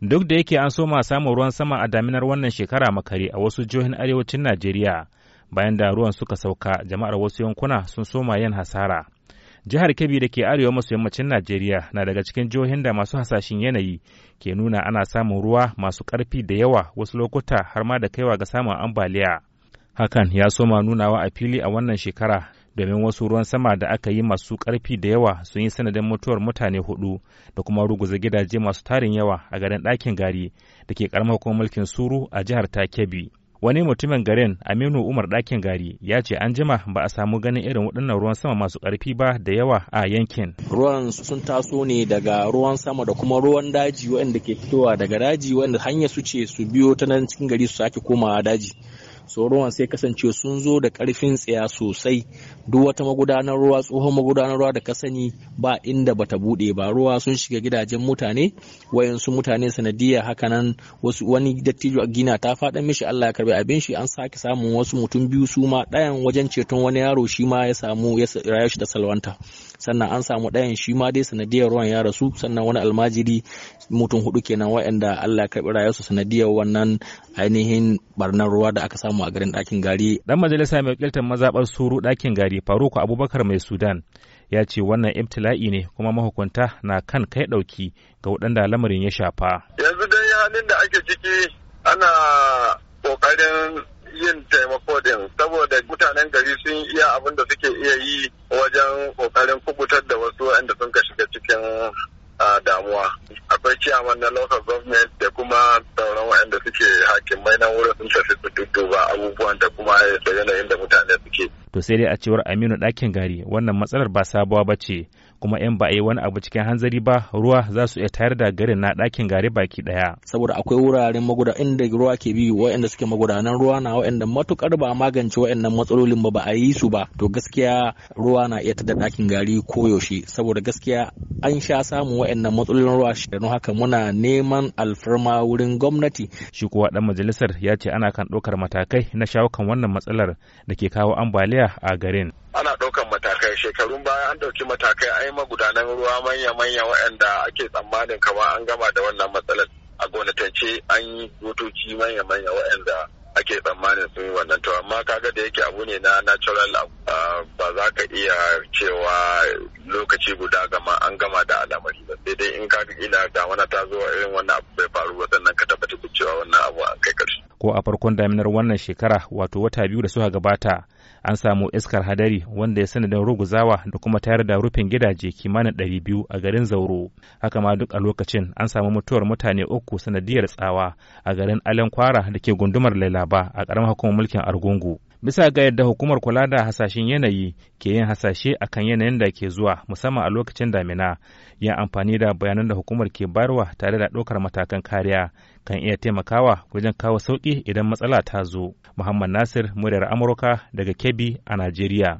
duk da yake an soma samun ruwan sama a daminar wannan shekara makare a wasu jihohin arewacin najeriya bayan da ruwan suka sauka jama'ar wasu yankuna sun soma yin hasara jihar kebbi da ke arewa maso yammacin najeriya na daga cikin jihohin da masu hasashen yanayi ke nuna ana samun ruwa masu ƙarfi da yawa wasu lokuta har ma da kaiwa ga samun ambaliya hakan ya soma nunawa a fili a wannan shekara domin wasu ruwan sama da aka yi masu ƙarfi da yawa sun yi sanadin mutuwar mutane hudu da kuma ruguza gidaje masu tarin yawa a garin ɗakin gari da ke ƙaramar hukumar mulkin suru a jihar takebi wani mutumin garin aminu umar ɗakin gari ya ce an jima ba a samu ganin irin waɗannan ruwan sama masu ƙarfi ba da yawa a yankin ruwan sun taso ne daga ruwan sama da kuma ruwan daji waɗanda ke fitowa daga daji waɗanda hanya su ce su biyo ta nan cikin gari su sake komawa daji tsoron sai kasance sun zo da karfin tsaya sosai duk wata magudanar ruwa tsohon magudanar ruwa da ka sani ba inda bata bude ba ruwa sun shiga gidajen mutane wayansu mutane sanadiyar hakanan wasu wani dattijo gina ta faɗa mishi Allah ya karbi abin shi an sake samun wasu mutum biyu su ma ɗayan wajen ceton wani yaro shi ma ya samu ya rayu shi da salwanta sannan an samu ɗayan shi ma dai sanadiyar ruwan ya rasu sannan wani almajiri mutum hudu kenan wayanda Allah ya karbi rayuwarsu sanadiyar wannan ainihin barnar ruwa da aka samu samu a garin ɗakin gari. Dan majalisa mai wakiltar mazaɓar suru ɗakin gari Faruku Abubakar mai Sudan ya ce wannan ibtila'i ne kuma mahukunta na kan kai ɗauki ga waɗanda lamarin ya shafa. Yanzu dai halin da ake ciki ana ƙoƙarin yin taimako damuwa akwai ciyaman na local government da kuma sauran waɗanda suke hakimai na wurin sun tafi su dudduba abubuwan da kuma da yanayin da mutane suke to sai dai a cewar aminu ɗakin gari wannan matsalar ba sabuwa ba ce kuma yan ba a yi wani abu cikin hanzari ba ruwa za su iya tayar da garin na ɗakin gari baki ɗaya saboda akwai wuraren maguda inda ruwa ke bi waɗanda suke magudanan ruwa na waɗanda matukar ba magance waɗannan matsalolin ba ba a yi su ba to gaskiya ruwa na iya tada ɗakin gari koyaushe saboda gaskiya an sha samun waɗannan matsalolin ruwa don haka muna neman alfarma wurin gwamnati shi kuwa ɗan majalisar ya ce ana kan ɗaukar matakai na shawo kan wannan matsalar da ke kawo ambaliya Najeriya a garin. Ana ɗaukan matakai shekarun baya an ɗauki matakai a yi magudanan ruwa manya-manya waɗanda ake tsammanin kama an gama da wannan matsalar a gonatance, an yi motoci manya-manya waɗanda ake tsammanin sun yi wannan to amma kaga da yake abu ne na natural ba za ka iya cewa lokaci guda gama an gama da al'amari ba sai dai in ka ga ila da wani ta zo irin wannan abu bai faru ba sannan ka tabbatar da cewa wannan abu an kai karshe ko a farkon daminar wannan shekara wato wata biyu da suka gabata an samu iskar hadari wanda ya sanadin ruguzawa da kuma tayar da rufin gidaje kimanin ɗari biyu a garin zauro haka ma duk a lokacin an samu mutuwar mutane uku sanadiyar tsawa a garin alen kwara da ke gundumar lalaba a ƙaramar hukumar mulkin argungu bisa ga yadda hukumar kula da hasashen yanayi ke yin hasashe a kan yanayin da ke zuwa musamman a lokacin damina yin amfani da bayanan da hukumar ke bayarwa tare da ɗaukar matakan kariya kan iya taimakawa wajen kawo sauki idan matsala ta zo muhammad nasir muryar amurka daga kebbi a najeriya